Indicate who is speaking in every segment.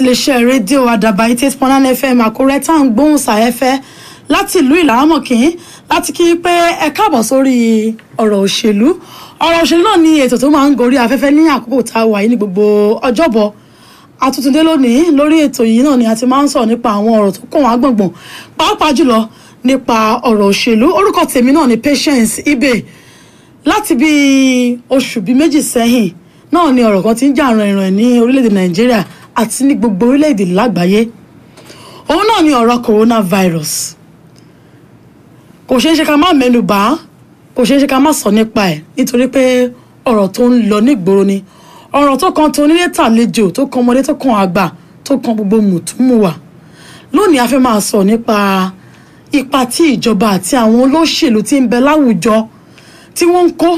Speaker 1: láti lè ṣe rédíò àdàbà eighty eight point nine fm àkórẹ́ tá à ń gbóhùn sàẹ́fẹ́ láti ìlú ìlàámọ̀kín láti kí pé ẹ káàbọ̀ sórí ọ̀rọ̀ òṣèlú ọ̀rọ̀ òṣèlú náà ni ètò tó máa ń gorí afẹ́fẹ́ ní àkókò tá a wà yìí ní gbogbo ọjọ́bọ̀ àtútúndé lónìí lórí ètò yìí náà ni a ti máa ń sọ nípa àwọn ọ̀rọ̀ tó kàn wá gbọ̀ngbọ̀n pàápàá jùlọ nípa ọ̀rọ̀ òṣèlú orúkọ tèmi náà ni Patience Ibe láti bíi oṣù bíi méjì sẹ́yìn náà ni ọ̀rọ̀ kan ti ń jà ràn ìràn ní orílẹ̀-èdè Nàìjíríà àti ní gbogbo orílẹ̀-èdè lágbàáyé òun náà ni ọ̀rọ̀ coronavirus kò ṣeé ṣe ká má mẹ́nu bà á kò ṣeé ṣe ká má sọ nípa ẹ̀ nítorí pé ọ̀rọ̀ tó ń lọ nígboro ni ọ̀rọ̀ tó kan tó onílé tàlejò tó kan ọmọdé tó kan àgbà tó kan gbogbo mùtúmùwà lónìí a fẹ́ máa sọ nípa ipa tí ìjọba àti àwọn olóṣèlú ti ń bẹ láwùjọ tí wọ́n ń kó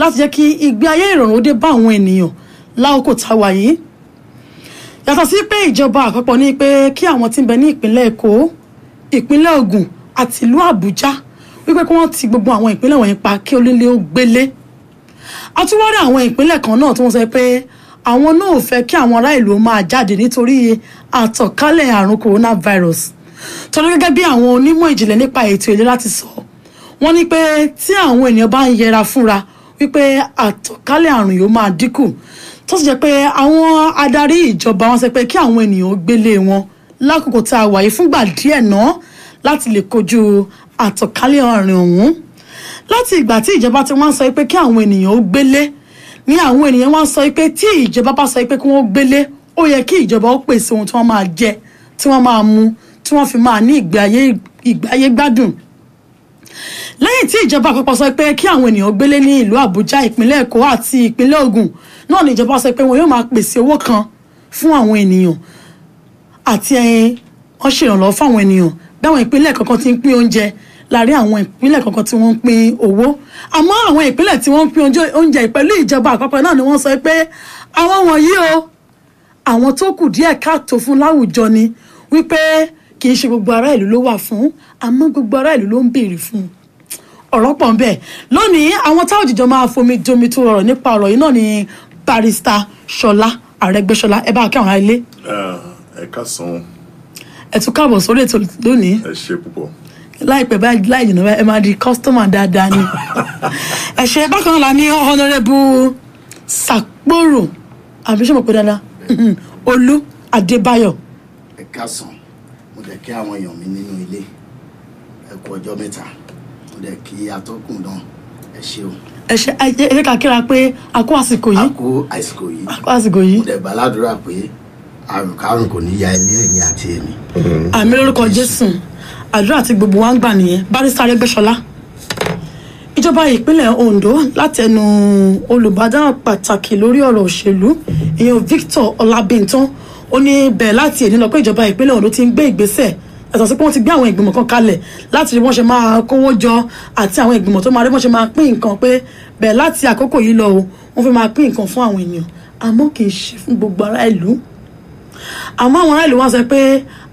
Speaker 1: láti jẹ́ kí ìgbé ayé ìrọ̀rùn ó dé bá àwọn ènìyàn láòkò táwa yìí yàtọ̀ sí pé ìjọba àpapọ̀ ní pé kí àwọn tí ń bẹ ní ìpínlẹ̀ èkó ìpínlẹ̀ ògùn àti ìlú àbújá wípé kí wọ́n ti gbogbo àwọn ìpínlẹ̀ wọ̀nyí pa kí onílé ó gbélé a tún wá rí àwọn ìpínlẹ̀ kan náà tí wọ́n sọ pé àwọn náà ò fẹ́ kí àwọn ará ìlú máa jáde nítorí àtọ̀kálẹ̀ àrùn coronavirus torí gẹ́gẹ́ bí àwọn onímọ̀ ìjìnlẹ̀ nípa ètò ìlera ti sọ wọ́n ní pé tí àwọn ènìyàn bá ń yẹra fúnra wípé àtọ̀kálẹ̀ àrùn yóò máa dínkù tó sì jẹ́ pé àwọn adarí ìjọba wọn sọ pé kí àwọn ènìyàn gbélé wọn lákòókò tá a wà yìí fúngbà díẹ̀ náà láti lè kojú àtọ̀kálẹ̀ ọ̀rìn ọ̀hún láti ìgbà tí ìjọba ti wọ́n sọ pé kí àwọn ènìyàn ó gbélé ní àwọn ènìyàn wọ́n sọ pé tí ìjọba bá sọ pé kí wọ́n gbélé ó yẹ kí ìjọba ó pèsè ohun tí wọ́n máa jẹ tí wọ́n máa mu tí wọ́n fi máa ní ìgbé ayé gbádùn lẹ́yìn tí ìjọba àpapọ̀ sọ pé kí àwọn ènìyàn gbélé ní ìlú àbújá ìpínlẹ̀ èkó àti ìpínlẹ̀ ògùn náà ni ìjọba sọ pé wọn yóò máa pèsè owó kan fún àwọn ènìyàn àti wọn ṣèrànlọ́wọ́ fún àwọn ènìyàn bí àwọn ìpínlẹ̀ kọ̀ọ̀kan ti ń pín oúnjẹ láàrin àwọn ìpínlẹ̀ kọ̀ọ̀kan tí wọ́n ń pín owó àmọ́ àwọn ìpínlẹ̀ tí wọ́n ń pín oúnjẹ pẹ̀lú ìjọba àpapọ̀ náà ni wọ́n sọ pé àwọn wọ̀nyí o àwọn tó kù díẹ̀ káàtó fún láwùjọ ni wípé kì í ṣe gbogbo ará ìlú ló wà fún àmọ́ gbogbo ará ìlú ló ń béèrè fún ọ̀rọ̀ pọ̀ ń bẹ lónìí àwọn táwọn òjìjọ máa fomi jomi tó rọrọ̀ nípa ọ̀rọ̀ yìí náà ni barista ṣọlá àrẹgbẹṣọlá ẹ bá kí àwọn ilé. ẹ káàsán. ẹ tún káàbọ̀ sórí ètò lónìí. ẹ ṣe púpọ̀ láìpẹ́ báyìí láì jìnnà ẹ máa di kọ́sítọ́mà dáadáa ni. ẹ̀ṣẹ̀ bákan la ní ọ̀nàrẹ́bù sàpòrò àbíṣe mọ̀ dáadáa olú adébáyọ̀.
Speaker 2: ẹ̀ka sàn dẹ̀ kí àwọn èèyàn mi nínú ilé ẹ kú ọjọ́ mẹ́ta mo dẹ̀ kí atọ́kùn náà ẹ ṣeun.
Speaker 1: ẹ ṣe ẹ ká kíra pé a kó àsìkò yìí. a kó àsìkò yìí. a kó àsìkò yìí. mo dẹ̀
Speaker 2: gbàládùra pé àrùn kárùn kò ní ya ilé ẹ̀yìn àti èmi. Mm-hmm.
Speaker 1: àmì lórúkọ jésù àdúrà tí gbogbo wa ń gbà nìyẹn barrister Arẹ́gbẹ́ṣọlá ìjọba ìpínlẹ̀ Ondo látẹnu olùbádàn pàtàkì lórí ọ̀rọ̀ òṣèlú ìyẹn Victor Ọlábìntán ó ní bẹ̀rẹ̀ láti èdè lọ pé ìjọba ìpínlẹ̀ Ondo ti ń gbé ìgbésẹ̀ ẹ̀sọ̀ sí pé wọ́n ti gbé àwọn ìgbìmọ̀ kan kalẹ̀ láti rí wọ́n ṣe máa kówó jọ àti àwọn ìgbìmọ̀ tó máa rí wọ́n ṣe máa pín nǹkan pé bẹ̀rẹ̀ láti àkókò yìí lọ o wọ́n fẹ́ máa pín nǹkan fún àwọn ènìyàn àmọ́ kì í ṣe fún gbogbo ará ìlú àmọ́ àwọn ará ìlú wọn sọ pé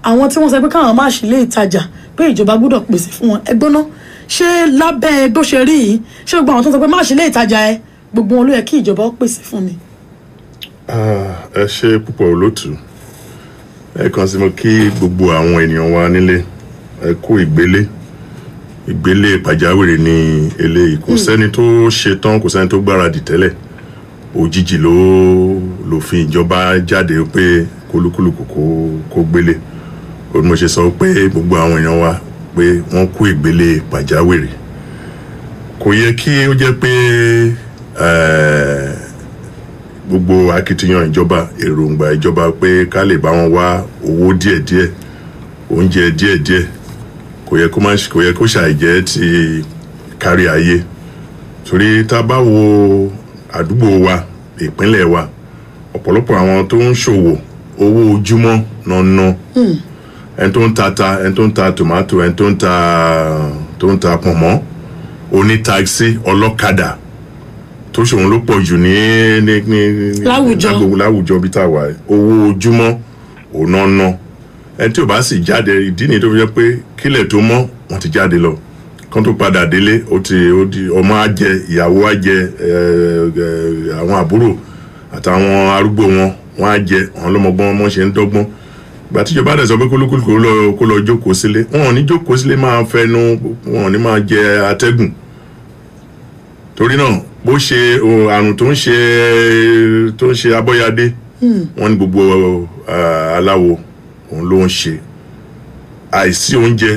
Speaker 1: àwọn tí wọ́n sọ pé káwọn má ṣí ilé ìtajà pé ìjọba gbọ́dọ̀ pèsè fún wọn ẹgbọ́n náà ṣé lábẹ́ bó ṣe rí yìí ṣé gbogbo àwọn tó sọ pé má ṣí ilé ìtajà ẹ gbogbo wọn ló yẹ kí ìjọba pèsè fún ni.
Speaker 3: Ah, ẹ ṣe púpọ̀ olótùú ẹ̀ẹ̀kan sí mo kí gbogbo àwọn ènìyàn wa nílé ẹ kú ìgbélé ìgbélé pàjáwìrì ní eléyìí kò hmm. sẹ́ni tó ṣetán kò sẹ́ni tó gbáradì tẹ́lẹ̀ òjijì ló lòfin ìjọba jáde pé kólúkúlùkù kó kó gbélé ó ní mo ṣe sọ pé gbogbo àwọn èèyàn wa pé wọ́n kú ìgbélé pàjáwìrì kò yẹ kí ó jẹ́ pé ẹ̀ẹ́ gbogbo akitiyan ìjọba èròǹgbà ìjọba pé ká lè bá wọn wá owó díẹ̀díẹ̀ oúnjẹ díẹ̀díẹ̀ kò yẹ kó má kò yẹ ti kárí ayé torí tá a bá wo àdúgbò wa ìpínlẹ̀ wa ọ̀pọ̀lọpọ̀ àwọn tó ń ṣòwò owó ojúmọ́ nànà hmm. ẹni tó ń ta ta ẹni tó ń ta tòmátò ẹni tó ń ta tó ń ta pọ̀nmọ́ oní ọlọ́kadà tó ṣòun ló pọ̀ jù ní ní ní láwùjọ láwùjọ bí tá a wà owó ojúmọ́ òun náà ná ẹni tí ò bá sì jáde ìdí nìyí tó fi jẹ́ pé kílẹ̀ tó mọ́ wọ́n ti jáde lọ kán tó padà délé ó ti ó di ọmọ á jẹ ìyàwó á jẹ àwọn àbúrò àtàwọn arúgbó wọn wọn á jẹ àwọn lọmọgbọn wọn ṣe ń dọ́gbọ́n ìgbà tíjọba dẹ̀ sọ pé kólókòlò lọ kó lọ jókòó sílé wọn ò ní jókòó sílé máa fẹnu wọn ò ní máa jẹ atẹ́gùn torí náà bó ṣe àrùn tó ń ṣe tó ń ṣe abọ́yadé hmm. wọ́n ní gbogbo aláwo òun ló ń ṣe àìsí oúnjẹ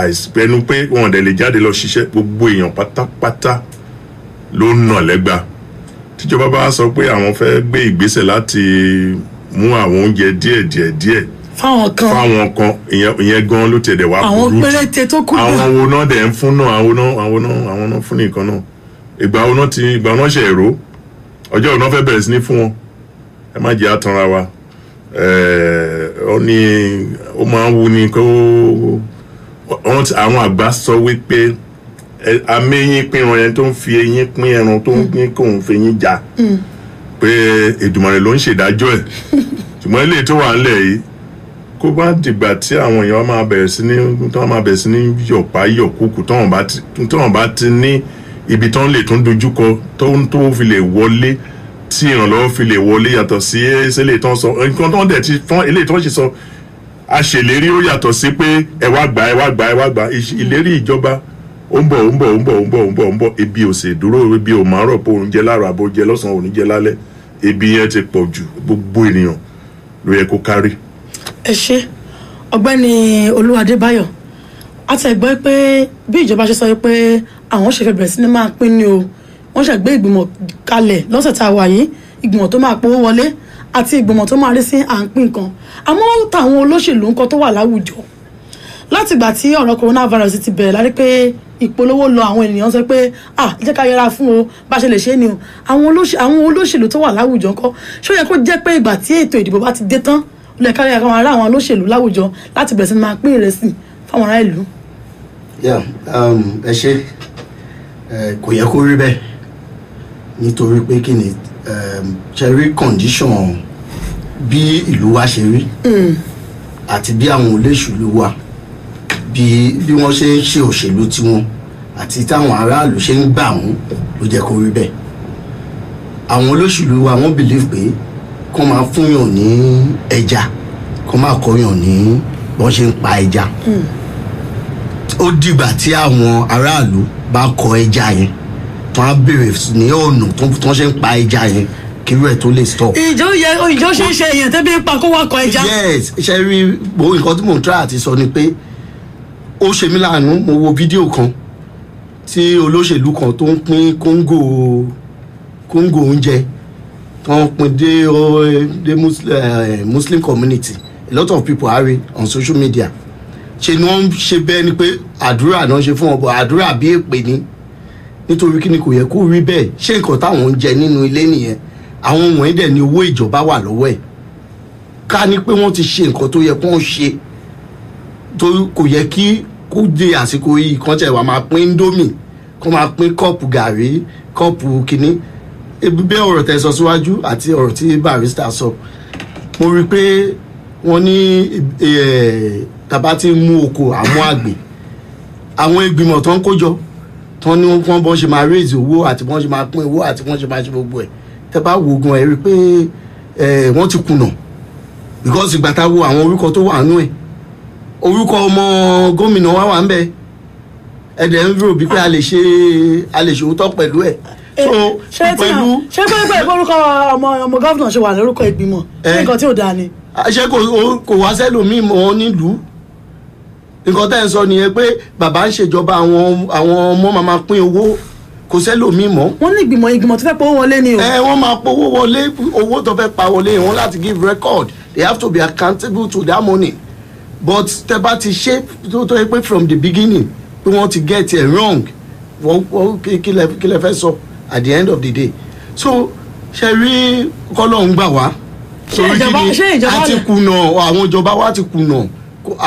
Speaker 3: àìsípẹnu pé wọn dẹ̀ lè jáde lọ ṣiṣẹ́ gbogbo èèyàn pátápátá ló ń nà lẹ́gba tíjọba bá sọ pé àwọn fẹ́ gbé ìgbésẹ̀ láti mú àwọn oúnjẹ díẹ̀ díẹ̀ díẹ̀
Speaker 1: fáwọn kan fáwọn
Speaker 3: kan ìyẹn gan ló tẹ̀ dẹ̀ wá kúrú àwọn péréte tó kúrú àwọn wo náà dẹ̀ ń fún náà àwọn náà àwọn náà fún nìkan náà ìgbà ọ̀nà ti ìgbà ọ̀nà ṣe èrò ọjọ́ ọ̀nà fẹ́ bẹ̀rẹ̀ sí ní fún wọn ẹ má jẹ́ àtànra wa ó ní ó máa ń wú ni kó àwọn àgbà sọ wípé amẹ́yìn pínran yẹn tó ń fi eyín pín ẹran tó ń hmm. pín kóun fi eyín jà hmm. pé Èdùmàrè ló ń ṣèdájọ́ ẹ̀ ṣùgbọ́n ilé tó wà ńlẹ̀ yìí kó bá dìgbà tí àwọn èèyàn máa bẹ̀rẹ̀ sí ní tí wọ́n máa bẹ̀rẹ̀ sí ní yọ̀pá yọ̀kúkú tí wọ́n bá ti ní ibi tán lè tún dojúkọ tó ń tó fi lè wọlé tí ìrànlọ́wọ́ fi lè wọlé yàtọ̀ sí ẹsẹ̀lẹ̀ tán sọ nǹkan tán dẹ̀ ti fọ́n eléyìí tán sì sọ àṣèlérí ó yàtọ̀ sí pé ẹ wá gbà ẹ wá gbà ẹ wá gbà ìlérí ìjọba ó ń bọ̀ ó ń bọ̀ ó ń bọ̀ ó ń bọ̀ ó ń bọ̀ ó ń bọ̀ ebi ò dúró ebi ò máa ń jẹ láàrọ̀ àbò jẹ lọ́sàn-án òun jẹ lálẹ́ ebi yẹn ti pọ̀ jù gbogbo ènìyàn ló yẹ kó kárí.
Speaker 1: ẹ ṣe ọ̀gbẹ́ni olúwadébáyọ̀ àtẹ̀gbọ́ pé bí ìjọba ṣe sọ pé àwọn ṣẹ̀fẹ̀ bẹ̀rẹ̀ sí ni máa pín ni o wọ́n ṣe gbé ìgbìmọ̀ kalẹ̀ lọ́sẹ̀ tá a wà yìí ìgbìmọ̀ tó máa powó wọlé àti ìgbìmọ̀ tó máa rí sí à ń pín nǹkan àmọ́ táwọn olóṣèlú nǹkan tó wà láwùjọ látìgbà tí ọ̀rọ̀ coronavirus ti bẹ̀rẹ̀ láti pé ìpolówó lọ àwọn ènìyàn sọ pé ah jẹ́ ká yẹra fún o bá ṣe lè ṣe é ni o àwọn olóṣèlú tó wà láwùjọ ńkọ́ ṣó yẹ kó jẹ́ pé ìgbà tí ètò ìdìbò bá ti dé tán lè kárí àwọn ará àwọn olóṣèlú láwùjọ láti bẹ̀rẹ̀ sí máa pín ìrẹsì fáwọn ará ìlú.
Speaker 2: Um, ẹ ṣe kò yẹ kó rí bẹ́ẹ̀ nítorí pé kí ni ṣe rí condition bí ìlú wa ṣe rí hmm. àti bí àwọn olóṣèlú wa bí wọ́n ṣe ń ṣe òṣèlú tiwọn àti táwọn aráàlú ṣe ń gbà wọ́n ló jẹ́ kó rí bẹ́ẹ̀ àwọn olóṣèlú wa wọ́n believe pé kó máa fúnyàn ní ẹja kó máa kọyàn ní bọ́n ṣe ń pa ẹja. Mm ó dìgbà tí àwọn aráàlú bá kọ ẹja yẹn tó á béèrè ní ọ̀nà tó wọ́n ṣe ń pa ẹja yẹn kírú ẹ̀ tó lè stop. ìjọ yẹ ìjọ ṣe ń
Speaker 1: ṣe èèyàn tẹ́bí ń pa kó wá kọ ẹja.
Speaker 2: yes ṣe rí mo nǹkan tí mò ń try àti sọ ni pé ó ṣe mí láàánú mo wo fídíò kan tí olóṣèlú kan tó ń pín kóńgò kóńgò oúnjẹ tó ń pín dé dé eh, muslim community a lot of people are on social media ṣe ni wọ́n ṣe bẹ́ẹ̀ ni pé àdúrà náà ṣe fún ọbọ àdúrà bí èpè ni nítorí kí ni kò yẹ kó rí bẹ́ẹ̀ ṣé nǹkan táwọn ń jẹ nínú ilé nìyẹn àwọn wọ̀nyí dẹ̀ ni owó ìjọba wà lọ́wọ́ ẹ̀ ká ní pé wọ́n ti ṣe nǹkan tó yẹ kó ń ṣe tó kò yẹ kí kó di àsìkò yìí kan tẹ̀ wá máa pín indomie kó máa pín kọ́ọ̀pù gàrí kọ́ọ̀pù kínní bẹ́ẹ̀ ọ̀rọ̀ tẹ́ sọ síwájú àti ọ̀rọ̀ tí barista sọ mo rí i pé wọ́n ní tàbá ti mú oko àmú àgbẹ̀ àwọn ìgbìmọ̀ tó ń kójọ tó ní wọ́n bọ́n ṣe máa raise owó àti wọ́n ṣe máa pín owó àti wọ́n ṣe máa ṣe gbogbo ẹ̀ tẹ́ wo gan ẹ̀ rí i pé wọ́n ti kùnà because ìgbà tá a wo àwọn orúkọ tó wà nú ẹ̀ orúkọ ọmọ gómìnà wa wà ń bẹ ẹ̀dẹ̀ ń rò bí pé a lè ṣe a lè ṣòótọ́ pẹ̀lú ẹ̀
Speaker 1: eh, so pẹ̀lú. ṣé pé pé orúkọ ọmọ ọmọ gómìnà ṣe wà lórúkọ ìgbìmọ̀ eh. nǹkan tí ò dáa ni. ṣé
Speaker 2: kò wá sẹ́lòmíì mọ́ nílùú nǹkan tẹ́ ẹ sọ nìyẹn pé bàbá ń ṣèjọba àwọn àwọn ọmọ màmá pín owó kò sẹ́lòmíì mọ́. wọ́n ní ìgbìmọ̀ ìgbìmọ̀ tó fẹ́ powó wọlé ni o. ẹ wọ́n máa powó wọlé owó tó fẹ́ pa wọlé wọn láti give record they have to be accountable to that money but tẹ bá ti ṣe tó tó yẹ pé from the beginning pé wọ́n ti get it wrong kí lẹ fẹ́ sọ at the end of the day so ṣe rí kọ́lọ́ ń gbà wá.
Speaker 1: ṣé ìjọba ṣé ìjọba rẹ̀ àti
Speaker 2: kùnà àwọn ìjọba wa ti kùnà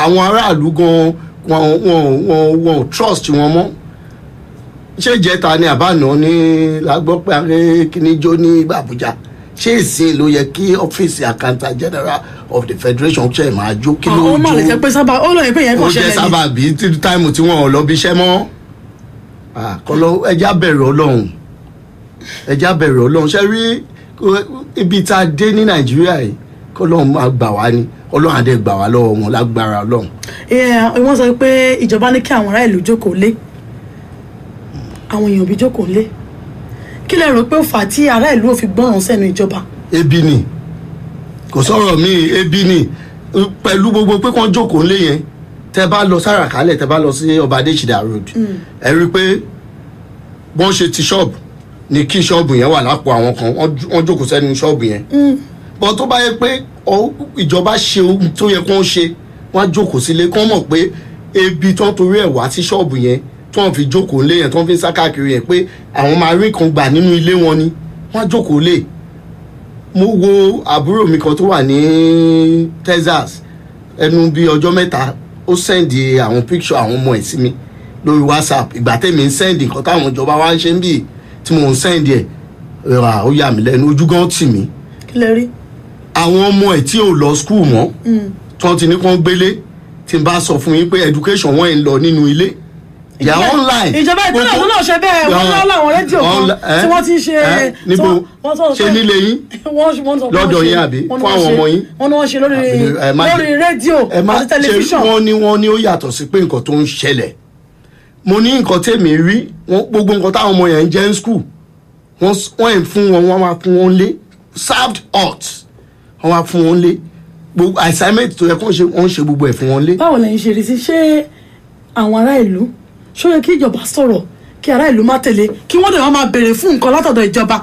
Speaker 2: àwọn aráàlú gan wọn wọn wọn wọn ò trust wọn mọ́ ṣé ìjẹta ni àbáná ní lágbọ́pẹ́ akíníjó ní Àbújá ṣé ìsìn ló yẹ kí ọ́fíìsì accountant general of the federation ṣe máa jó kí ló jó ó máa jẹ pé sábà ó lóye pé yẹn kò ṣẹlẹ̀ ní. ó jẹ sábà bíi táìmù tí wọn ò lọ bí iṣẹ́ mọ́ àkọlọ ẹja bẹ̀rẹ̀ ọlọ́run ẹja bẹ̀rẹ̀ ọlọ́run ṣe rí ibi tá a dé ní nàìjíríà yìí kọ́lọ́run máa gbà wá ni ọlọ́run àdé gbà wá lọ́wọ́ wọn lágbára ọlọ́run.
Speaker 1: wọ́n sọ pé ìjọba ní kí àwọn ará ìlú jókòó lé àwọn èèyàn òbí jókòó lé kí lẹ rò pé ó fà á tí ará ìlú ò fi gbọ́ràn sẹ́nu ìjọba.
Speaker 2: ebi ni kò sọ̀rọ̀ mi ebi ni pẹ̀lú gbogbo pé kàn jókòó lé yẹn tẹ bá lọ sára kálẹ̀ tẹ bá lọ sí ọba adéṣìdá road mm. ẹ rí i pé bọ́n ṣe ti ṣọ́ọ̀bù ni kí ṣọ́ọ̀bù yẹn wà lápò àwọn kan wọ́n jókòó sẹ́nu ṣọ́ọ̀bù yẹn mm bọ́n tó bá yẹ pé ìjọba ṣe ohun tó yẹ kó ń ṣe wọ́n á jókòó sílé kán mọ̀ pé ebi tán torí ẹ̀ wá sí ṣọ́ọ̀bù yẹn tí wọ́n fi jókòó lé yẹn tí wọ́n fi ń sá káàkiri yẹn pé àwọn máa rí nǹkan gbà nínú ilé wọn ni wọ́n á jókòó lé mo wo àbúrò mi kan tó wà ní Texas ẹnu bíi ọjọ́ mẹ́ta ó sẹ́ndì àwọn píkṣọ àwọn ọmọ ẹ̀ sí mi lórí WhatsApp ìgbà tẹ̀mí ń sẹ́ndì nǹkan táwọn ìjọba wa ń ṣe ń bì tí mò ń sẹ́ndì ẹ̀ ó yà mí lẹ́nu ojú gan tì mí. kí lè rí àwọn ọmọ ẹ̀ tí ò lọ skul mọ́ mm. tí wọ́n ti ní kán gbélé tí n bá sọ fún yín pé education wọn ẹ̀ ń lọ nínú ilé yà online ìjọba ìpínlẹ̀ ọ̀hún náà ṣe bẹ́ẹ̀ wọ́n láwọn rédíò kan eh? tí wọ́n ti ṣe eh? níbo
Speaker 1: ṣe nílé yín lọ́dọ̀ yín àbí fún àwọn ọmọ yín. wọ́n ní wọ́n ṣe lórí eh,
Speaker 2: rédíò àti tẹlifíṣàn. wọ́n ní wọ́n ní ó yàtọ̀ sí pé nǹkan tó ń ṣẹlẹ̀ mo ní nǹkan tèmi rí gbogbo nǹkan táwọn ọmọ yẹn ń jẹ́ ń skul wọ́n ẹ̀ fún wọn wọ́n máa fún wọn lé served hot wọ́n wá fún wọn lé gbogbo assignment
Speaker 1: tó yẹ kó wọ́n ṣe gbogbo ẹ̀ fún wọn lé. báwo lẹ́yìn ṣe rí sí ṣé àwọn ará ìlú ṣó yẹ kí ìjọba sọ̀rọ̀ kí ará ìlú má tẹ̀lé kí wọ́n dẹ̀ wọ́n máa béèrè fún nǹkan látọ̀dọ̀ ìjọba.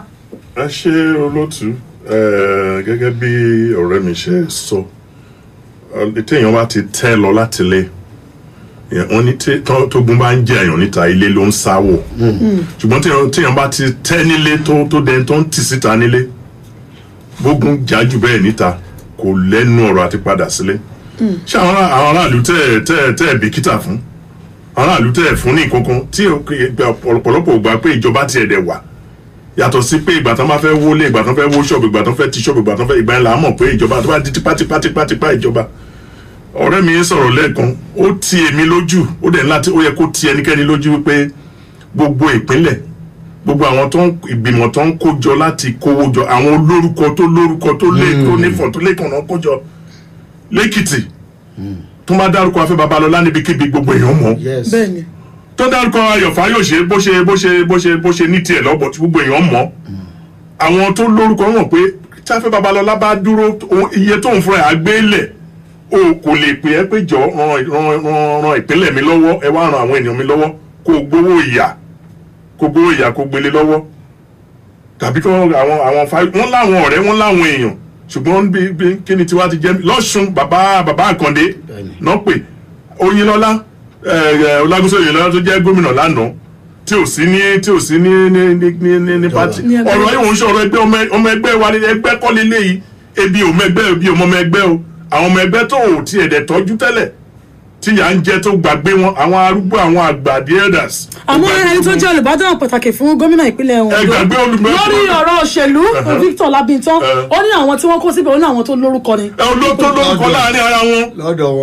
Speaker 3: ẹ ṣe olótú gẹ́gẹ́ bí ọ̀rẹ́ mi ṣe sọ téèyàn bá ti tẹ́ lọ láti lé wọ́n ní tógun bá ń jẹ èèyàn níta ilé ló ń sáwọ̀ hmm. ṣùgbọ́n téèyàn ti tẹ́ nílé tó dẹni tó ń tì síta nílé gbógun jà jù bẹ́ẹ̀ níta kò lẹ́nu ọ̀rọ̀ àti padà sílé hmm. ṣé àwọn aráàlú tẹ́ tẹ́ tẹ́ bìkítà fún aráàlú tẹ́ fún ní kankan tí ọ̀pọ̀lọpọ̀ gbà pé ìjọba tiẹ̀ dẹ̀ wà yàtọ̀ sí pé ìgbà tán bá fẹ́ wọlé ìgbà tán fẹ́ wó ṣọ́ọ̀bù ìgbà tán fẹ́ ti ṣọ́ọ̀bù ìgbà tán fẹ́ ìgbà yẹn là á mọ̀ pé ìjọba tó bá di tipátipátipá ìjọba ọ̀rẹ́ mi sọ̀rọ̀ lẹ́ẹ̀kan ó ti èmi lójú ó dẹ̀ láti ó yẹ kó ti ẹnikẹ́ni lójú wípé gbogbo ìpínlẹ̀ gbogbo àwọn tó ń ìgbìmọ̀ tó ń kójọ láti kówó jọ àwọn olórúkọ tó lórúkọ tó lé tó hmm. nífọ̀ tó lẹ́kàn náà kójọ lẹ́kìtì tó máa dárúkọ afẹ́ babalọ́lá níbikíbi gbogbo èèyàn mọ̀ tó dárúkọ ayọ̀fà yóò ṣe bó ṣe bó ṣe bó ṣe bó ṣe ní tiẹ̀ lọ́bọ̀ tí gbogbo èèyàn mọ̀ hmm. àwọn tó lórúkọ wọn pé táfẹ́ babalọ́lá bá dúró iye tó ń fura àgbélẹ̀ o kò lè pè é pé jọ ran ìpínlẹ̀ mi lọ́wọ́ ẹ wá ran àwọn ènìyàn mi lọ́wọ́ kó gbowó ìyà kó gbówó ìyá kó gbélé lọ́wọ́ tàbí kí wọ́n àwọn àwọn fa wọ́n láwọn ọ̀rẹ́ wọ́n láwọn èèyàn ṣùgbọ́n bí bí kí ni tiwa ti jẹ́ lọ́sùn bàbá bàbá àkàndé náà pè oyinlọ́lá ọlágúnsọ oyinlọ́lá tó jẹ́ gómìnà lánàá tí ò sí ní tí ò sí ní ní ní ní ní pati ọ̀rọ̀ yìí òun ṣe ọ̀rọ̀ ẹgbẹ́ ọmọ ẹgbẹ́ wa ẹgbẹ́ kọ́lé léyìí ebi ò mọ ẹgbẹ́ ebi ò mọ ọmọ ẹgbẹ́ o àwọn ọmọ ẹgbẹ́ tó ò tiẹ̀ dẹ̀ tọ́jú tẹ́lẹ̀ tí yà ń jẹ tó gbàgbé wọn àwọn arúgbó àwọn àgbà the elders.
Speaker 1: àwọn ẹni tó jẹ́ olùbádàn pàtàkì fún gómìnà ìpínlẹ̀ Ondo lórí ọ̀rọ̀ òṣèlú Victor Labintan ó ní àwọn tí wọ́n kó síbẹ̀ ó ní àwọn tó lórúkọ ni. tó lórúkọ láàrin
Speaker 3: ara wọn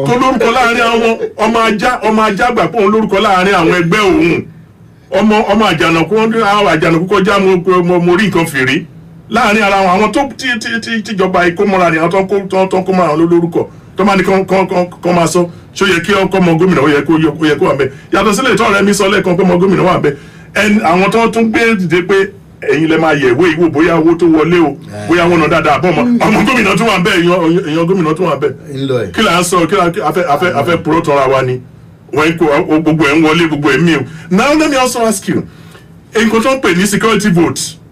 Speaker 3: tó lórúkọ láàrin àwọn ọmọ ajá ọmọ ajá gbà pé òun lórúkọ láàrin àwọn ẹgbẹ́ òun ọmọ ọmọ àjànàkú àjànàkú kọjá mo rí nǹkan fèrè láàrin ara wọn àwọn tó ti ti ti tìjọba ìkómọra ni àwọn tó ń kó tó ń tó ń kó mọ́ra wọn lórúkọ tó máa ní kán kán kán kán máa sọ ṣó yẹ kí ọkọ mọ gómìnà ó yẹ kó yẹ kó wà bẹ yàtọ̀ sílẹ̀ ìtọ́ rẹ mi sọ lẹ́ẹ̀kan pé mọ gómìnà wà bẹ ẹni àwọn tó tún gbé dìde pé ẹ̀yin lẹ máa yẹ̀ ìwé ìwò bóyá owó tó wọlé o bóyá wọn nà dáadáa bọ́ ọmọ ọmọ gómìnà tó wà bẹ́ẹ̀ èèyàn gómìnà tó wà
Speaker 2: bẹ́ẹ̀
Speaker 3: kí là ń sọ kí là afẹ́ afẹ́ afẹ́ purọ́ tọ́ra wa ni wọ́n kó gbogbo ẹ̀ ń wọlé gbogbo ẹ̀ mí o now let me also ask you nǹkan tó ń pè ní security vote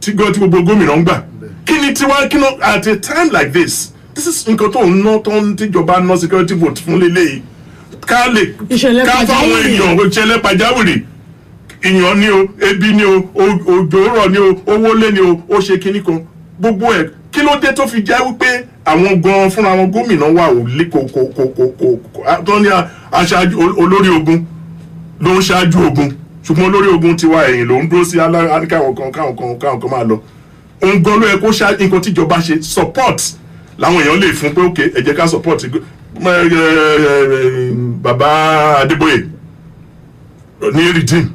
Speaker 3: tí gbogbo gómìnà ń gbà kí ni tiwa kí ni at a time like this this is nǹkan tó ń ná tó ń tíjọba ná security vote fún lélẹ́yìí ká lè ká fáwọn èèyàn ìṣẹ̀lẹ̀ pàjáwìrì ìyàn ni o ebi ni o òjò rọ̀ ni o owó lé ni o ó ṣe kinní kan gbogbo ẹ̀ kí ló dé tó fi jẹ́ wípé àwọn gan fúnra wọn gómìnà wa ò lé kòkòkòkò tó aṣáájú olórí ogun ló ń ṣáájú ogun ṣùgbọ́n olórí ogun tiwa ẹ̀yìn ló ń dúró sí káwọn kan káwọn kan káwọn kan máa lọ òun ló yẹ kó ṣá nǹkan tíjọba ṣe support làwọn èèyàn lè fún pé okay ẹ ká support bàbá Adébóyè ní rìdíìmù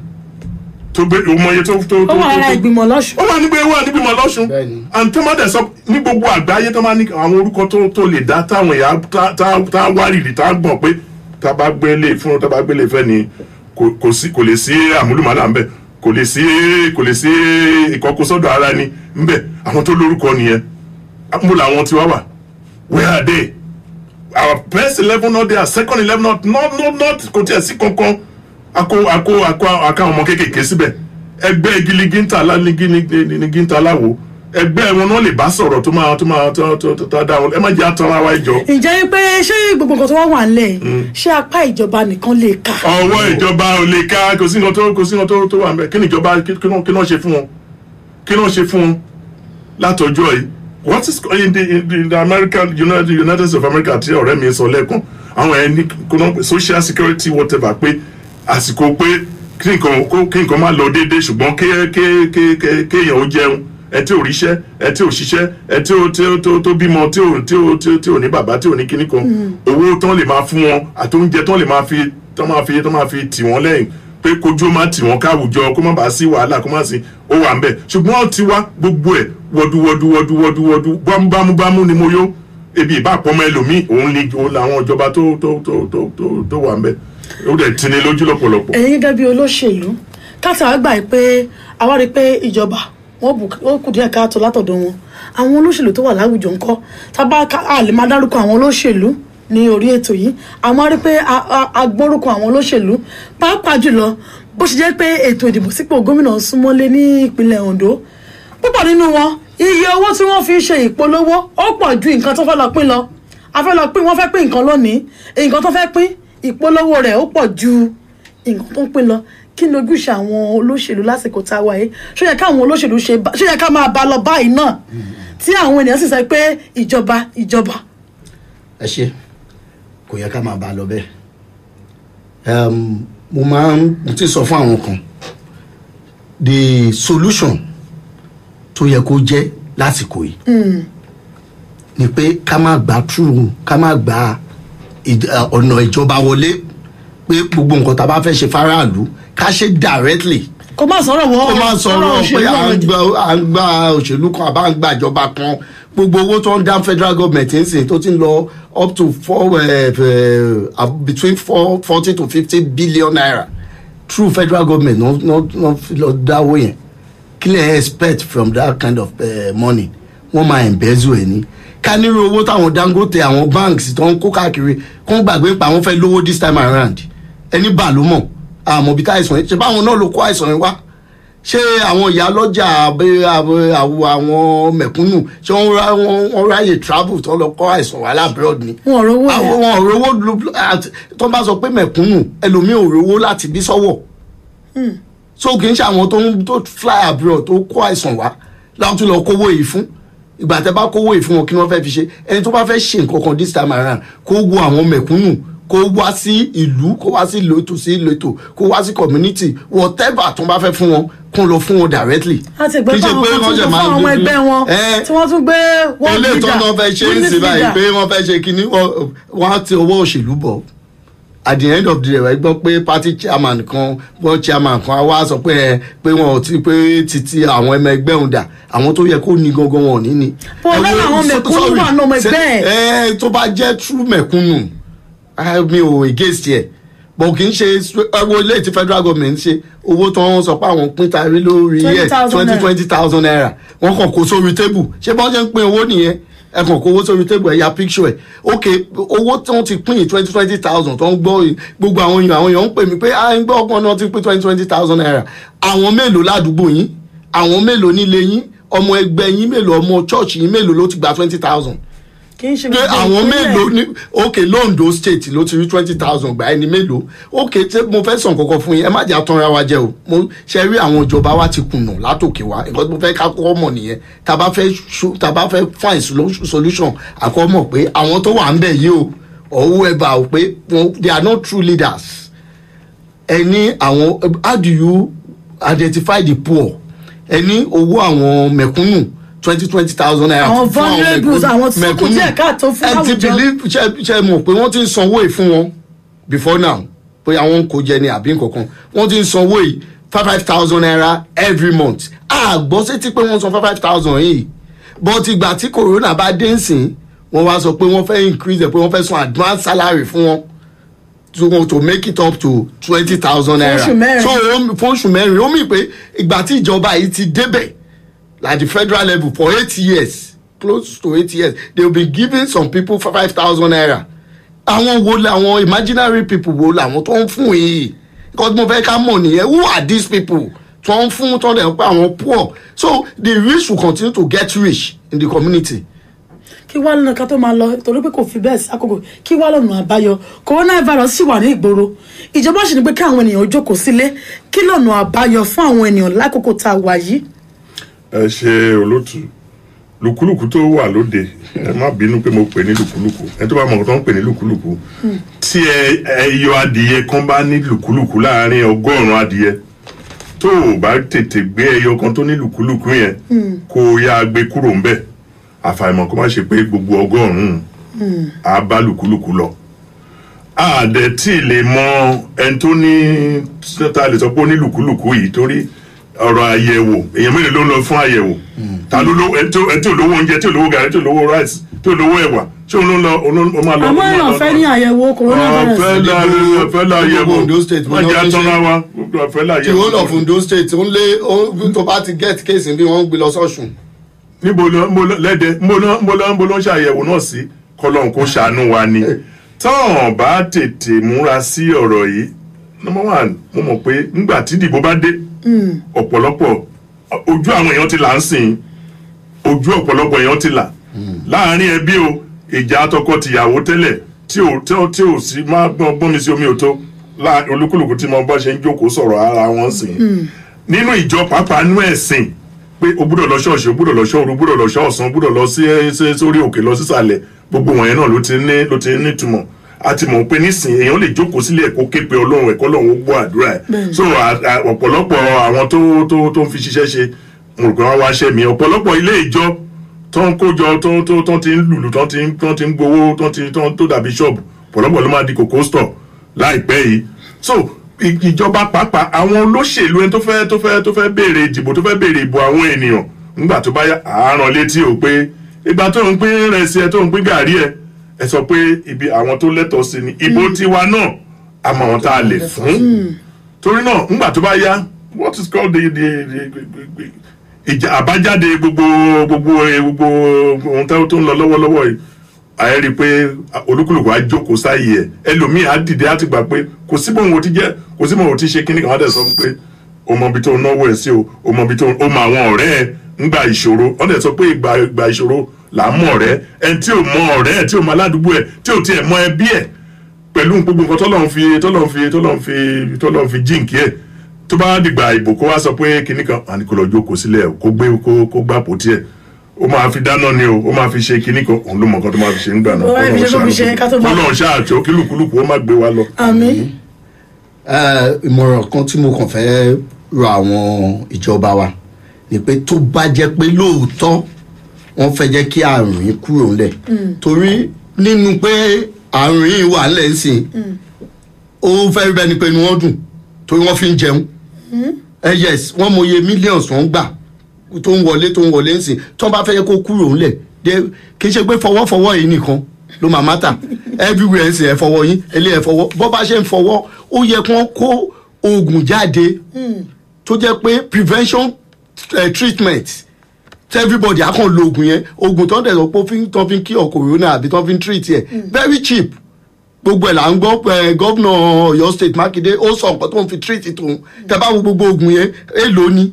Speaker 3: tó gbé òmòye tó tó tó. ó wà ara ìgbìmọ̀
Speaker 1: lọ́sùn. ó wà nígbà ewu àdìgbìmọ̀
Speaker 3: lọ́sùn. and tó má dẹ̀ sọ ní gbogbo àgbáyé tó má ní àwọn orúkọ tó tó lè dá táwọn èèyàn tá wárìrì tá gbọ̀n pé tá bá gbélé fún tá bá gbélé fẹ́ ni kò sí kò lè sí àmúlùmálà ń bẹ kò lè sí kò lè sí ìkọkúsọ́dọ̀ ara ẹni ń bẹ àwọn tó lórúkọ nìyẹn mo làwọn tiwa wà where are they our first eleven not there second eleven not not not not kò tiẹ̀ sí kankan akó akó akó àka ọmọ kéékèèké síbẹ̀ ẹgbẹ́ giligi ń ta aláwo ẹgbẹ́ wọn náà lè bá sọ̀rọ̀ tó máa tó máa tó dá wọn ẹ má jẹ́ àtọ́ra wa ìjọ.
Speaker 1: ǹjẹ́ pé ṣé gbogbo nǹkan tó wá wà nílẹ̀ hmm. ṣé apá ìjọba nìkan lè kà.
Speaker 3: ọwọ́ ìjọba ò lè ká kò sí nǹkan tó tó wà mẹ́ kí ni ìjọba kí náà ṣe fún wọn kí náà ṣe fún wọn látọjọ́ yìí what is in the, in the American United, United States of America àti ọ̀rẹ́ mi sọ lẹ́ẹ̀kan àwọn ẹni social security whatever pé àsìkò pé kí nǹkan má lọ déédéé ṣùgbọ́n kéèyàn ó jẹun ẹ tí ò ríṣẹ́ ẹ tí ò ṣiṣẹ́ ẹ tí ò tí ò tó bímọ tí ò tí ò tí ò tí ò ní bàbá tí ò ní kíní kan hmm. owó tán lè máa fún wọn àti oúnjẹ tán lè máa fi tán máa fi tán máa fi tì wọ́n lẹ́yìn pé kojú ó máa tì wọ́n káwùjọ kó má bàa sí wàhálà kó má sí ó wà ń bẹ̀ ṣùgbọ́n ti wá gbogbo ẹ̀ wọdúwọdú wọdúwọdú wọdú bámúbámú ni mo yó ebi ìbápọmọ ẹlòmíì òun ni òun làwọn ìjọba tó tó tó tó tó wà ń bẹ̀ ó dẹ̀ tini lójú lọ́pọ̀lọpọ̀.
Speaker 1: ẹ̀yin gẹ́gẹ́ bí olóṣèlú káta àgbà pé àwa pé ìjọba wọ́n bù ó kù díẹ̀ káàtó látọ̀dọ̀ wọn àwọn olóṣèlú tó wà láwùjọ ńkọ́ tábà á lè máa dárúkọ àwọn olóṣèlú ní orí ètò yìí a rí pé a gbọ́rúkọ àwọn olóṣèlú pàápàá jùlọ bó ṣe jẹ́ pé ètò ìdìbò sípò gómìnà súnmọ́lé ní ìpínlẹ̀ Ondo púpọ̀ nínú wọn iye owó tí wọ́n fi ń ṣe ìpolówó ó pọ̀ ju nǹkan tó fẹ́ lọ pín lọ a fẹ́ lọ pín wọ́n fẹ́ pín nǹkan lónìí nǹkan tó fẹ́ pín ìpolówó rẹ̀ ó pọ̀ ju nǹkan tó ń pín lọ kí n lójúṣe àwọn olóṣèlú lásìkò tá a wà yìí ṣó yẹ káwọn olóṣèlú ṣe ṣó yẹ ká máa bá lọ báyìí náà tí àwọn ènìyàn sì sọ pé ìjọba ìjọba.
Speaker 2: ẹ ṣe kò yẹ ká máa bá lọ bẹ́ẹ̀ mo máa ń mo ti sọ fún àwọn kan the solution tó yẹ kó jẹ́ lásìkò yìí hmm. ni pé ká má gbà túrú ká má gbà ọ̀nà ìjọba wọlé pé gbogbo nǹkan tá a bá fẹ́ ṣe fáráàlú ká ṣe directly kò má sọ̀rọ̀ wọ́n kò má sọ̀rọ̀ pé à ń gba òṣèlú kan àbá ń gba ìjọba kan gbogbo owó tó ń dá federal government ń sìn tó ti ń lọ up to four eh, eh, uh, between four forty to fifty billion naira through federal government no no no lọ dáwó yẹn kí lè expect from that kind of uh, money wọ́n máa embezzle ẹ̀ ní ká nírú owó táwọn Dangote àwọn banks tó ń kó káàkiri kó ń gbàgbé pa àwọn fẹ́ lówó this time around ẹni bà ló mọ̀ àmọ̀bí tá àìsàn yẹn ṣe báwọn náà ló kó àìsàn yẹn wá ṣé àwọn ìyá lọ́jà àwọn mẹ̀kúnnù ṣé wọ́n ráyè travel tó lọ kọ́ àìsàn wà lábroad ni. wọn rówó yẹn wọn rówó tó bá sọ pé mẹ̀kúnnù ẹlòmíì ò rówó láti bí sọ́wọ́ hmm. so kì í ṣe àwọn tó ń tó fly abroad tó kó àìsàn wá láwọn tún lọ kówó yìí fún ìgbà tẹ́ bá kówó yìí fún wọn kí wọ́n fẹ́ fi ṣe ẹni tó bá fẹ́ ṣe nǹkan kan this time around kó wo àwọn mẹ̀kúnnù kó wá sí ìlú kó wá sí ìletò sí ìletò kó wá sí community whatever tó ń bá fẹ́ fún wọn kún lọ fún wọn directly.
Speaker 1: a ti gbé báwọn kan tún fún àwọn ẹgbẹ́ wọn tí wọ́n tún gbé wọ́n leader eléyìí tó ń fẹ́ ṣe ń sìn báyìí pé
Speaker 2: wọ́n fẹ́ ṣe kínní wọ́n ti ọwọ́ òṣèlú bọ̀ at the end of the day wọ́n gbọ́ pé party chairman kan wọ́n chairman kan wá sọ pé ẹ pé wọn ò ti pé títí àwọn ọmọ ẹgbẹ́ òun dà àwọn tó yẹ kó ní gangan wọn ò ní ni. bọ́ọ̀lù àwọn mẹ̀kúnnù wà náà mẹ̀gbẹ́ ẹ̀. tó bá jẹ́ true mẹ̀kúnnù Ah, mi ò against yẹ bọ̀ kì í ṣe ẹwọ ilé tí federal government ṣe owó tí wọ́n sọ pé àwọn pín tarí lórí ẹ̀ twenty twenty thousand naira wọ́n kàn kó sórí tébù ṣé bọ́n ṣe ń pín owó nìyẹn ẹ kàn kó owó sórí tébù ẹ ya picture ẹ ok owó tí wọ́n ti pín yìí twenty twenty thousand tó ń gbọ́ gbogbo àwọn èèyàn àwọn èèyàn ń pè mí pé à ah, ń gbọ́ ọgbọ́n náà ti pín twenty twenty thousand naira àwọn mélòó ládùúgbò yín àwọn mélòó nílé yín ọmọ ẹgbẹ́ yín mélòó ọmọ church yín mélòó ló ti gba twenty thousand
Speaker 1: kì í ṣe gbogbo ìpínlẹ̀ àwọn mélòó ní
Speaker 2: ok londo state ló ti rí twenty thousand gba ẹni mélòó ok ṣé mo fẹ́ sàn kọ́kọ́ fún yín ẹ má jẹ́ àtọ́ra wa jẹ́ o mo ṣe rí àwọn ìjọba wa ti kùnà látòkè wa nǹkan tí mo fẹ́ kọ́kọ́ mọ̀ nìyẹn tá a fẹ́ tá fẹ́ find solution àkọ́ mọ̀ pé àwọn tó wà ń bẹ̀ yìí o or whoever o pé they are not true leaders ẹni àwọn how do you identify the poor ẹni owó àwọn mẹ̀kúnnù twenty twenty thousand naira fún àwọn mẹ̀kúnnù ẹ ti believe ṣe mọ̀ pé wọ́n ti ń sanwó yìí fún wọn before now pé àwọn kò jẹ ní àbí nkankan wọ́n ti ń sanwó yìí five five thousand naira every month àgbọ̀ sétí pé wọ́n san five five thousand yìí but ìgbà tí corona bá dé ń sìn wọ́n wá sọ pé wọ́n fẹ́ increase ẹ̀ pé wọ́n fẹ́ san advance salary fún wọn to to make it up to twenty thousand naira so fóṣù mẹ́rin ó mì pé ìgbà tí ìjọba yìí ti débẹ̀ like the federal level for eight years close to eight years they will be giving some people five thousand naira àwọn wo làwọn imaginary people wo làwọn tó ń fún yìí because mo fẹ́ ká mọ̀ nìyẹn who are these people tó ń fún tó dẹ̀ ń pé àwọn poor so the rich will continue to get rich in the community.
Speaker 1: kí wàá lọ́nà ká tó máa lọ torí pé kò fi bẹ́ẹ̀ sí àkókò kí wàá lọ́nà àbáyọ coronavirus sì wà ní ìgboro ìjọba ṣì ní pé kí àwọn ènìyàn jókòó sílé kí lọ́nà àbáyọ fún àwọn ènìyàn lákòókò tá a wà yìí
Speaker 3: ẹ ṣe olótú lùkúlùkù tó wà lóde ẹ má bínú pé mo pè ní lùkúlùkù ẹ tó bá mọ̀ tó ń pè ní lùkúlùkù hmm. tí ẹ yọ adìyẹ kan bá ní lùkúlùkù láàárín ọgọ́rùn-ún adìyẹ tó o bá tètè gbé ẹyọ kan tó ní lùkúlùkù yẹn hmm. kó o yáa gbé kúrò ń bẹ àfàìmọ̀ kó má ṣe pé gbogbo ọgọ́rùn-ún hmm. bá lùkúlùkù lọ. àdẹ̀ tí lè mọ ẹni tó ní tá a lè sọ pé ó ní lùkúlùkù yìí torí ọ̀rọ̀ àyẹ̀wò èèyàn mélòó ló ń lọ fún àyẹ̀wò hmm. ta ló lówó ẹtí olówó oúnjẹ tí olówó gàrí tí olówó rice tí olówó ẹ̀wà ṣé òun ló ń lọ òun máa lọ. àmọ́ èèyàn fẹ́
Speaker 1: ní àyẹ̀wò coronavirus. ọ̀fẹ́ la ọ̀fẹ́ la àyẹ̀wò wa ọ̀fẹ́
Speaker 3: la àyẹ̀wò. tìwọ́n lọ fún Ondo State ń lé tó bá ti get case bí wọ́n gbé lọ sọ́sùn. níbo lẹ́dẹ̀ níbo ló ń ṣàyẹ̀wò náà sí kọ́lọ́n kó ṣàánú wa ni tọ́ọ̀n bá tètè múra sí ọ̀rọ̀ yìí number one mo mọ̀ pé nígbà tí ìdìbò bá dé Hmm. ọ̀pọ̀lọpọ̀ ojú àwọn èèyàn ti là ń sìn ojú ọ̀pọ̀lọpọ̀ èèyàn ti là hmm. láàárín ẹbí o ìjà àtọkọ tìyàwó tẹ́lẹ̀ tí ò tí ò tí ò sí má gbọ́n mi sí omi òtó olúkúlùkù tí mo bá ṣe ń jókòó sọ̀rọ̀ ara wọn sìn hmm. nínú ìjọ pàápàá nú ẹ̀sìn pé o gbúdọ̀ lọ ṣọ́ọ̀ṣì o gbúdọ̀ lọ ṣọ́ọ̀rù o gbúdọ̀ lọ ṣọ́ọ̀sán o gbúdọ̀ lọ sí sórí òkè lọ sísàlẹ̀ gbogbo wọ̀nyẹn náà ló ti ní ló ti ní ìtumọ̀ a ti mọ̀ pé nísìnyí èèyàn lè jókòó sílé ẹ̀kọ́ képe ọlọ́run ẹ̀kọ́ lọ́run ó gbọ́ àdúrà ẹ̀ so ọ̀pọ̀lọpọ̀ àwọn tó tó tó ń fi ṣiṣẹ́ ṣe mo rò pé wọ́n wá ṣẹ́ mi ọ̀pọ̀lọpọ̀ ilé ìjọ tó ń kójọ tó tó tó ti ń lùlù tó ti tó ti ń gbowó tó ti tó dàbí ṣọ́ọ̀bù ọ̀pọ̀lọpọ̀ ló máa di kòkó stọ̀ láìpẹ́ yìí so ìjọba pàápàá àwọn olóṣèlú ẹni tó fẹ́ tó fẹ́ tó fẹ́ béèrè ìdìbò tó fẹ́ béèrè ìbò àwọn ènìyàn nígbà tó bá yá àárọ̀ létí ò pé ìgbà tó ń pín rẹ̀ sí ẹ tó ń pín gàrí ẹ ẹ sọ pé ibi àwọn tó lẹ́tọ̀ọ́ sí ni ìbò hmm. tiwa náà àmọ́ àwọn tá a lè fún hmm. torí náà ńgbà tó bá yá what is called the the the ìjà àbájáde gbogbo gbogbo gbogbo ohun tó ń lọ lọ́wọ́lọ́wọ́ yìí àyẹ̀ rí i pé olúkúlùkù á jókòó sáyé ẹ̀ ẹlòmíì á dìde á ti gbà pé kò síbò òun ò ti jẹ́ kò síbò òun ò ti ṣe kíní kan á dẹ̀ sọ pé o mọ ibi tó náwó ẹ̀ sí o o mọ ibi tó o mọ àwọn ọ̀rẹ́ ẹ̀ ńgbà ìṣòro ọ̀ dẹ̀ sọ pé ìgbà ìṣòro là ń mọ ọ̀rẹ́ ẹni tí ò mọ ọ̀rẹ́ ẹ tí ò mọ aládùúgbò ẹ tí ò tiẹ̀ mọ ẹbí ẹ pẹ̀lú gbogbo nǹkan tọ́lọ́run fi tọ́lọ́run fi tọ́lọ́run fi tọ́lọ́run fi jíǹkì ẹ tó bá dìgbà ìbò kó wá sọ pé kinní kan àní kò lọ jókòó sílẹ̀ kó gbé kó kó gbà pòtí ẹ ó máa fi dáná ni o ó máa fi ṣe kinní kan òun ló mọ nǹkan tó máa fi ṣe nígbà náà Ọlọ́run ṣáàtì ó kílùkúlùkù ó má gbé wa lọ. àmín. ìmọ̀ràn kan
Speaker 2: tí wọ́n fẹ́ jẹ́ kí àrùn yìí kúrò ńlẹ̀ hmm. torí nínú pé àrùn yìí wà ńlẹ̀ ńsìn hmm. ó fẹ́ bẹ́ẹ̀ ni pé ni wọ́n dùn torí wọ́n fi ń jẹun ẹ hmm. eh, yes wọ́n mọ iye millions wọ́n ń gbà tó ń wọlé tó ń wọlé ńsìn tó bá fẹ́ jẹ́ kó kúrò ńlẹ̀ kì í ṣe pé fọwọ́fọwọ́ yìí nìkan ló máa mátà everywhere ṣe ẹ fọwọ́ yín ilé ẹ fọwọ́ bọ́ bá ṣe ń fọwọ́ ó yẹ kí wọ́n kó oògùn jáde tó jẹ́ pé prevention uh, treatment tí everybody á kàn lo oògùn yẹn oògùn tó ń dẹ̀sọ̀ pé tó fi ń kí corona àbí tó fi ń treat yẹn hmm. very cheap gbogbo ẹ̀ là ń gbọ́ eh, gọ́vnà Ọ̀yọ́ state Mákindé ó sọ nǹkan tó ń fi treat tòun tẹ bá wo gbogbo oògùn yẹn èèlò ni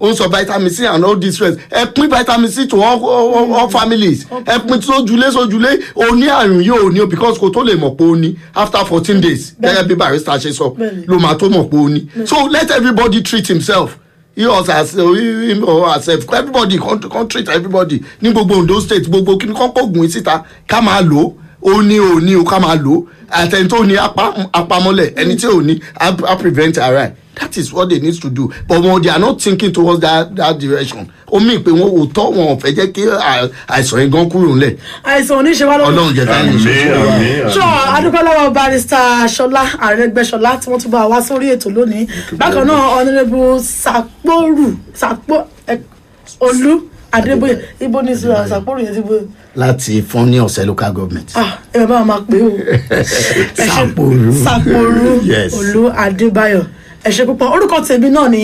Speaker 2: ó ń sọ vitamin c and all these rest ẹ pín vitamin c to all, all, families ẹ pín sójúlé sójúlé o ní àrùn yìí o ní o because kò tó lè mọ̀ pé o ní after fourteen days gẹ́gẹ́ bí barrister ṣe sọ ló máa tó mọ̀ pé o ní so let everybody treat himself you us as him or herself everybody country, country, everybody ní gbogbo Ondo state gbogbo kí ni kan kó gùn síta ká máa lò ó ó ní ó ní ó ká máa lò ó àtẹni tó ní apamọ́lẹ̀ ẹni tí ò ní á prevent ara ẹ̀ that is what they need to do but when they are not thinking towards that that direction ó mì pé wọn ò tọ́ wọn ò fẹ́ jẹ́ kí àìsàn yẹn gan kúrò nílẹ̀.
Speaker 1: àìsàn oníṣẹ́wá ló ń ọlọ́run jẹ́ táyà ìṣòro. sọ adúgbòlọ́wọ́ barista ṣọlá àrẹgbẹ́ṣọlá tí wọ́n tún bá wa sórí ètò lónìí bákan náà honourable sàpòrù sàpò olú adébóyè ibo ní sọ sàpòrù yẹn ti bóyè
Speaker 2: láti fún ní ọ̀sẹ̀ local government.
Speaker 1: Ah, ẹ bá máa pè é o.
Speaker 2: sàpòrú sàpòrú olú
Speaker 1: adébáyọ̀ ẹ ṣé púpọ̀ orúkọ tèmi náà ni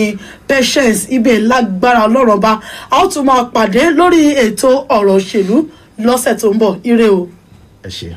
Speaker 1: Patience ibẹ̀ lágbára ọlọ́rọ̀ bá a ó tún máa pàdé lórí ètò ọ̀rọ̀ òṣèlú lọ́sẹ̀ tó ń bọ̀ ire o.
Speaker 2: ẹ ṣé.